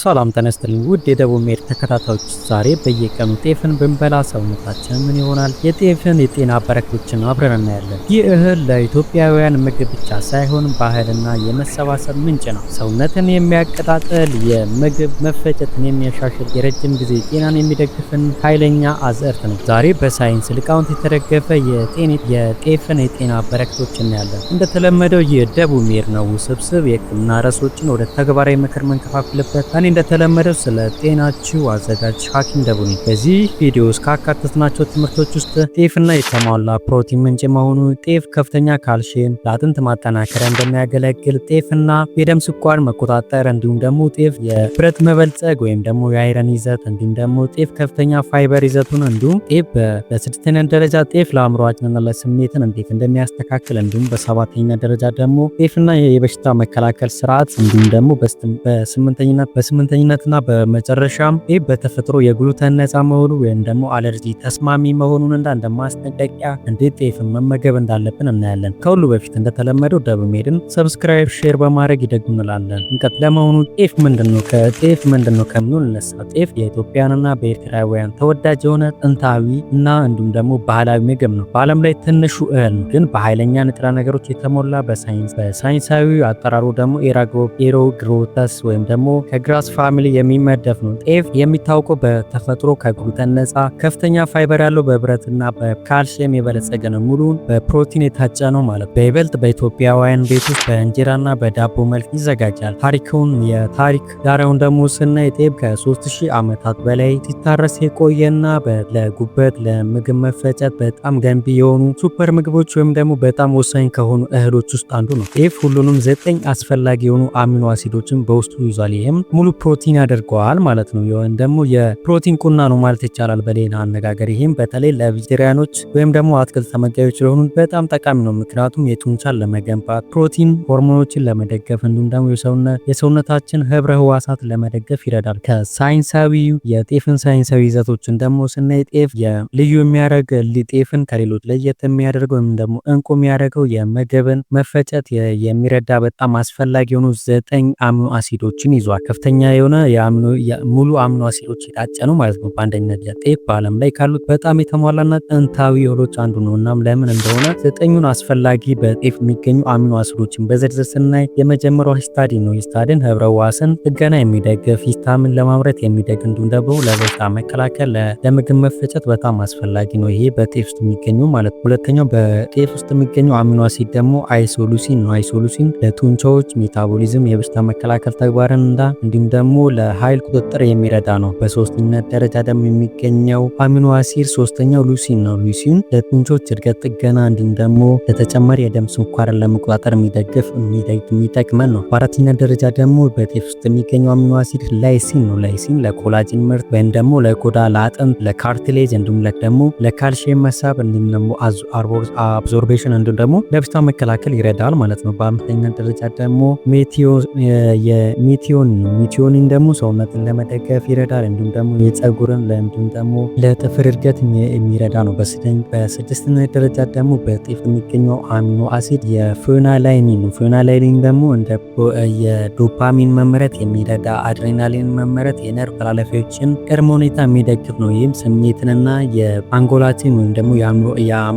ሰላም ተነስተልኝ ውድ የደቡብ ሜድ ተከታታዮች፣ ዛሬ በየቀኑ ጤፍን ብንበላ ሰውነታችን ምን ይሆናል? የጤፍን የጤና በረከቶችን አብረን እናያለን። ይህ እህል ለኢትዮጵያውያን ምግብ ብቻ ሳይሆን ባህልና የመሰባሰብ ምንጭ ነው። ሰውነትን የሚያቀጣጥል፣ የምግብ መፈጨትን የሚያሻሽል፣ የረጅም ጊዜ ጤናን የሚደግፍን ኃይለኛ አዝዕርት ነው። ዛሬ በሳይንስ ሊቃውንት የተደገፈ የጤፍን የጤና በረከቶች እናያለን። እንደተለመደው የደቡብ ሜድ ነው ውስብስብ የህክምና ረሶችን ወደ ተግባራዊ ምክር መንከፋፍልበት እኔ እንደተለመደው ስለ ጤናችሁ አዘጋጅ ሐኪም ደቡ ነኝ። በዚህ ቪዲዮ ውስጥ ካካተትናቸው ትምህርቶች ውስጥ ጤፍና የተሟላ ፕሮቲን ምንጭ መሆኑ፣ ጤፍ ከፍተኛ ካልሽየም ለአጥንት ማጠናከሪያ እንደሚያገለግል፣ ጤፍና የደም ስኳር መቆጣጠር እንዲሁም ደግሞ ጤፍ የብረት መበልጸግ ወይም ደግሞ የአይረን ይዘት እንዲሁም ደግሞ ጤፍ ከፍተኛ ፋይበር ይዘቱን እንዲሁም ጤፍ በስድስተኛ ደረጃ ጤፍ ለአእምሯችንና ለስሜትን እንዴት እንደሚያስተካክል እንዲሁም በሰባተኛ ደረጃ ደግሞ ጤፍና የበሽታ መከላከል ስርዓት እንዲሁም ደግሞ በስምንተኝነት በስምንተኝነትና በመጨረሻም ይህ በተፈጥሮ የግሉተን ነፃ መሆኑ ወይም ደግሞ አለርጂ ተስማሚ እንዳ እንደ ማስጠንቀቂያ እንዴት ጤፍን መመገብ እንዳለብን እናያለን። ከሁሉ በፊት እንደተለመደው ደብል ሜድን ሰብስክራይብ፣ ሼር በማድረግ ይደግ እንላለን። እንቀጥል። ለመሆኑ ጤፍ ምንድን ነው? ከጤፍ ምንድን ነው ከሚሉ እንነሳ። ጤፍ የኢትዮጵያንና በኤርትራውያን ተወዳጅ የሆነ ጥንታዊ እና እንዲሁም ደግሞ ባህላዊ ምግብ ነው። በዓለም ላይ ትንሹ እህል ነው፣ ግን በኃይለኛ ንጥረ ነገሮች የተሞላ በሳይንሳዊ አጠራሩ ደግሞ ኤሮግሮተስ ወይም ደግሞ ከግራ ግራስ ፋሚሊ የሚመደብ ነው። ጤፍ የሚታወቀው በተፈጥሮ ከግሉተን ነፃ፣ ከፍተኛ ፋይበር ያለው በብረትና በካልሲየም የበለጸገ ነው። ሙሉን በፕሮቲን የታጨ ነው ማለት በይበልጥ በኢትዮጵያውያን ቤት ውስጥ በእንጀራና በዳቦ መልክ ይዘጋጃል። ታሪኩን የታሪክ ዳራውን ደግሞ ስናይ ጤፍ ከ3000 ዓመታት በላይ ሲታረስ የቆየና ለጉበት ለምግብ መፈጨት በጣም ገንቢ የሆኑ ሱፐር ምግቦች ወይም ደግሞ በጣም ወሳኝ ከሆኑ እህሎች ውስጥ አንዱ ነው። ጤፍ ሁሉንም ዘጠኝ አስፈላጊ የሆኑ አሚኖ አሲዶችን በውስጡ ይዟል። ይህም ሙሉ ፕሮቲን ያደርገዋል ማለት ነው። ወይም ደግሞ የፕሮቲን ቁና ነው ማለት ይቻላል በሌላ አነጋገር። ይህም በተለይ ለቬጀቴሪያኖች ወይም ደግሞ አትክልት ተመጋቢዎች ለሆኑ በጣም ጠቃሚ ነው። ምክንያቱም የጡንቻን ለመገንባት ፕሮቲን ሆርሞኖችን ለመደገፍ እንዲሁም ደግሞ የሰውነታችን ህብረ ህዋሳት ለመደገፍ ይረዳል። ከሳይንሳዊ የጤፍን ሳይንሳዊ ይዘቶችን ደግሞ ስናይ ጤፍ ልዩ የሚያደርግ ጤፍን ከሌሎች ለየት የሚያደርገው ወይም ደግሞ እንቁ የሚያደርገው የምግብን መፈጨት የሚረዳ በጣም አስፈላጊ የሆኑ ዘጠኝ አሚኖ አሲዶችን ይዟል ከፍተኛ ከፍተኛ የሆነ ሙሉ አምኖ አሲዶች የታጨ ነው ማለት ነው። በአንደኛ ደረጃ ጤፍ በዓለም ላይ ካሉት በጣም የተሟላና ጥንታዊ እህሎች አንዱ ነው። እናም ለምን እንደሆነ ዘጠኙን አስፈላጊ በጤፍ የሚገኙ አሚኖ አሲዶችን በዝርዝር ስናይ የመጀመሪያው ሂስታዲን ነው። ሂስታዲን ህብረ ዋስን ጥገና የሚደግፍ ሂስታሚን ለማምረት የሚደግ እንዲሁም ደግሞ ለበሽታ መከላከል፣ ለምግብ መፈጨት በጣም አስፈላጊ ነው። ይሄ በጤፍ ውስጥ የሚገኙ ማለት ነው። ሁለተኛው በጤፍ ውስጥ የሚገኙ አሚኖ አሲድ ደግሞ አይሶሉሲን ነው። አይሶሉሲን ለቱንቻዎች ሜታቦሊዝም የበሽታ መከላከል ተግባርን እንዳ እንዲሁም ወይም ደግሞ ለኃይል ቁጥጥር የሚረዳ ነው። በሶስተኛ ደረጃ ደግሞ የሚገኘው አሚኖ አሲድ ሶስተኛው ሉሲን ነው። ሉሲን ለጡንቾች እድገት ጥገና፣ እንዲሁም ደግሞ ለተጨማሪ የደም ስኳርን ለመቆጣጠር የሚደግፍ የሚጠቅመን ነው። በአራተኛ ደረጃ ደግሞ በጤፍ ውስጥ የሚገኘው አሚኖ አሲድ ላይሲን ነው። ላይሲን ለኮላጅን ምርት ወይም ደግሞ ለቆዳ ለአጥንት፣ ለካርትሌጅ እንዲሁም ደግሞ ለካልሽየም መሳብ እንዲሁም ደግሞ አብዞርቤሽን እንዲሁም ደግሞ ለበሽታ መከላከል ይረዳል ማለት ነው። በአምስተኛ ደረጃ ደግሞ ሜቲዮ የሚቲዮን ቺዮኒን ደግሞ ሰውነትን ለመደገፍ ይረዳል። እንዲሁም ደግሞ የፀጉርን ለእንዲሁም ደግሞ ለጥፍር እድገት የሚረዳ ነው። በስድስተኛ ደረጃ ደግሞ በጤፍ የሚገኘው አሚኖ አሲድ የፊኖላይኒን ነው። ፊኖላይኒን ደግሞ እንደ የዶፓሚን መመረት የሚረዳ አድሬናሊን መመረት የነርቭ ተላለፊዎችን ቅድመ ሁኔታ የሚደግፍ ነው። ይህም ስሜትንና የአንጎላችን ወይም ደግሞ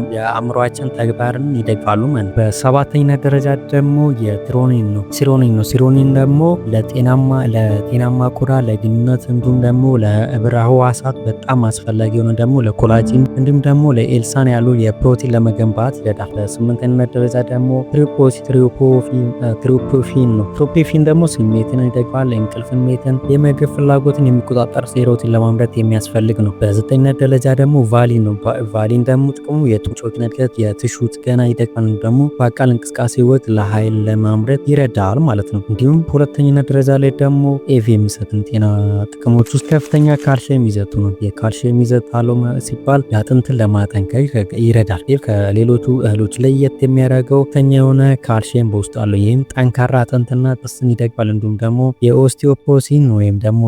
የአእምሯችን ተግባርን ይደግፋሉ። ማለት በሰባተኛ ደረጃ ደግሞ የትሮኒን ነው ሲሮኒን ነው ሲሮኒን ደግሞ ለጤናማ ለጤናማ ቆዳ፣ ለግንኙነት እንዲሁም ደግሞ ለህብረ ህዋሳት በጣም አስፈላጊ የሆነ ደግሞ ለኮላጂን እንዲሁም ደግሞ ለኤልሳን ያሉ የፕሮቲን ለመገንባት ይረዳል። ለስምንተኝነት ደረጃ ደግሞ ትሪፖስ ነው። ትሪፖፊን ደግሞ ስሜትን ይደግፋል። እንቅልፍ ስሜትን፣ የምግብ ፍላጎትን የሚቆጣጠር ሴሮቲን ለማምረት የሚያስፈልግ ነው። በዘጠኝነት ደረጃ ደግሞ ቫሊን ነው። ቫሊን ደግሞ ጥቅሙ የጡንቻዎች እድገት፣ የትሹ ጥገና ይደግፋል። ደግሞ በአካል እንቅስቃሴ ወቅት ለኃይል ለማምረት ይረዳል ማለት ነው። እንዲሁም ሁለተኝነት ደረጃ ላይ ደግሞ ኤፍ የሚሰጥን ጤና ጥቅሞች ውስጥ ከፍተኛ ካልሽየም ይዘቱ ነው። የካልሽየም ይዘት አለው ሲባል አጥንትን ለማጠንከር ይረዳል። ከሌሎቹ እህሎች ለየት የሚያደርገው ከፍተኛ የሆነ ካልሽየም በውስጡ አለው። ይህም ጠንካራ አጥንትና ጥርስን ይደግፋል። እንዲሁም ደግሞ የኦስቲዮፖሲን ወይም ደግሞ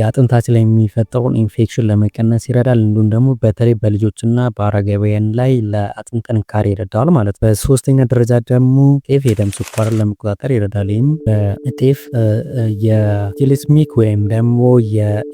የአጥንታችን ላይ የሚፈጠሩን ኢንፌክሽን ለመቀነስ ይረዳል። እንዲሁም ደግሞ በተለይ በልጆችና በአረጋውያን ላይ ለአጥንት ጥንካሬ ይረዳል ማለት ነው። በሶስተኛ ደረጃ ደግሞ ጤፍ የደም ስኳርን ለመቆጣጠር ይረዳል። ይህም በጤፍ የጂሊስሚክ ወይም ደግሞ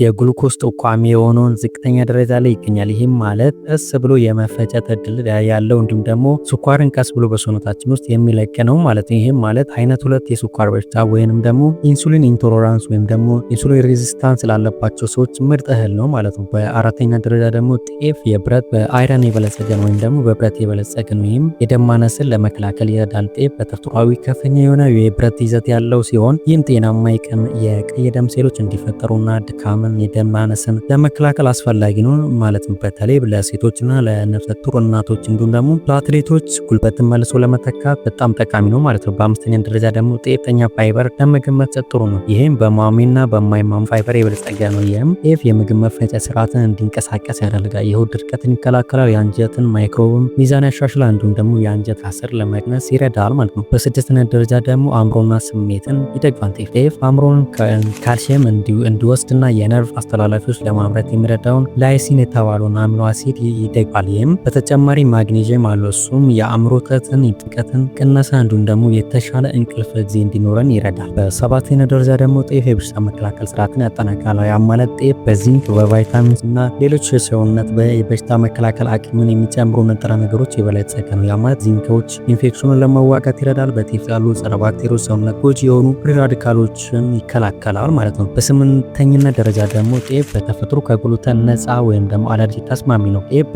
የግሉኮስ ጠቋሚ የሆነውን ዝቅተኛ ደረጃ ላይ ይገኛል። ይህም ማለት ቀስ ብሎ የመፈጨት እድል ያለው እንዲሁም ደግሞ ስኳርን ቀስ ብሎ በሰውነታችን ውስጥ የሚለቅ ነው ማለት ነው። ይህም ማለት አይነት ሁለት የስኳር በሽታ ወይንም ደግሞ ኢንሱሊን ኢንቶሎራንስ ወይም ደግሞ ኢንሱሊን ሬዚስታንስ ላለባቸው ሰዎች ምርጥ እህል ነው ማለት ነው። በአራተኛ ደረጃ ደግሞ ጤፍ የብረት በአይረን የበለጸገ ነው ወይም ደግሞ በብረት የበለጸገ ነው። ይህም የደም ማነስን ለመከላከል ይረዳል። ጤፍ በተፈጥሯዊ ከፍተኛ የሆነ የብረት ይዘት ያለው ሲሆን ይህም ጤናማ የቀን ቀይ ደም ሴሎች እንዲፈጠሩና ድካምን፣ የደም ማነስን ለመከላከል አስፈላጊ ነው ማለት በተለይ ለሴቶችና ለነፍሰ ጡር እናቶች እንዲሁም ደግሞ ለአትሌቶች ጉልበትን መልሶ ለመተካት በጣም ጠቃሚ ነው ማለት ነው። በአምስተኛ ደረጃ ደግሞ ጤፍተኛ ፋይበር ለምግብ መፍጨት ጥሩ ነው። ይህም በማሚና በማይማም ፋይበር የበለጸገ ነው። ይህም ጤፍ የምግብ መፈጨ ስርዓትን እንዲንቀሳቀስ ያደርጋል። ይኸው ድርቀትን ይከላከላል፣ የአንጀትን ማይክሮብም ሚዛን ያሻሽላል፣ እንዲሁም ደግሞ የአንጀት አስር ለመቅነስ ይረዳል ማለት ነው። በስድስተኛ ደረጃ ደግሞ አእምሮና ስሜትን ይደግፋል። ጤፍ አእምሮን ካልሲየም እንዲወስድና የነርቭ አስተላላፊዎች ለማምረት የሚረዳውን ላይሲን የተባለውን አሚኖ አሲድ ይደግፋል። ይህም በተጨማሪ ማግኔዥየም አለው። እሱም የአእምሮ ውጥረትን፣ ጭንቀትን ቅነሳ እንዲሁም ደግሞ የተሻለ እንቅልፍ ጊዜ እንዲኖረን ይረዳል። በሰባተኛ ደረጃ ደግሞ ጤፍ የበሽታ መከላከል ስርዓትን ያጠናክራል። ያ ማለት ጤፍ በዚንክ በቫይታሚንስ እና ሌሎች የሰውነት በሽታ መከላከል አቅምን የሚጨምሩ ንጥረ ነገሮች የበለጸገ ነው። ያ ማለት ዚንኮች ኢንፌክሽኑን ለመዋቀት ይረዳል። በጤፍ ያሉ ጸረ ባክቴሪዎች ሰውነት ጎጂ የሆኑ ፍሪ ራዲካሎችን ይከላከል ይተከላል ማለት ነው። በስምንተኝነት ደረጃ ደግሞ ጤፍ በተፈጥሮ ከግሉተን ነፃ ወይም ደግሞ አለርጂ ተስማሚ ነው። ጤፍ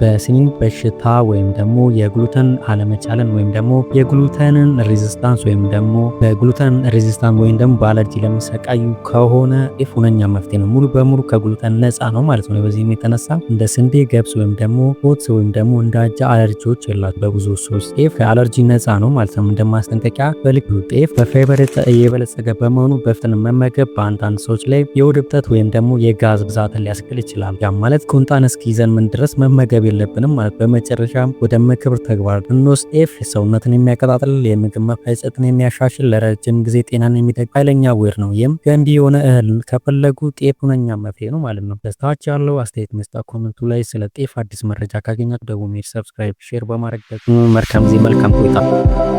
በሲሊን በሽታ ወይም ደግሞ የግሉተን አለመቻለን ወይም ደግሞ የግሉተንን ሬዚስታንስ ወይም ደግሞ በግሉተን ሬዚስታንስ ወይም ደግሞ በአለርጂ ለሚሰቃዩ ከሆነ ጤፍ ሁነኛ መፍትሄ ነው። ሙሉ በሙሉ ከግሉተን ነፃ ነው ማለት ነው። በዚህም የተነሳ እንደ ስንዴ፣ ገብስ ወይም ደግሞ ኦትስ ወይም ደግሞ እንዳጃ አለርጂዎች የላት በብዙ ሶስት ጤፍ ከአለርጂ ነፃ ነው ማለት ነው። እንደማስጠንቀቂያ በልክ ጤፍ በፋይበር የበለጸገ በመሆኑ ሽንኩርትን መመገብ በአንዳንድ ሰዎች ላይ የሆድ እብጠት ወይም ደግሞ የጋዝ ብዛትን ሊያስክል ይችላል። ያም ማለት ቁንጣን እስኪይዘን ምን ድረስ መመገብ የለብንም ማለት። በመጨረሻ ወደ ምክብር ተግባር ብንወስድ ኤፍ ሰውነትን የሚያቀጣጥል የምግብ መፈጨትን የሚያሻሽል ለረጅም ጊዜ ጤናን የሚጠቅም ኃይለኛ ውህድ ነው። ይህም ገንቢ የሆነ እህል ከፈለጉ ጤፍ ሁነኛ መፍትሄ ነው ማለት ነው። በታች ያለው አስተያየት መስጫ ኮመንቱ ላይ ስለ ጤፍ አዲስ መረጃ ካገኛችሁ ደቡሜድ ሰብስክራይብ፣ ሼር በማድረግ ደግሞ መልካም ጊዜ መልካም ቆይታ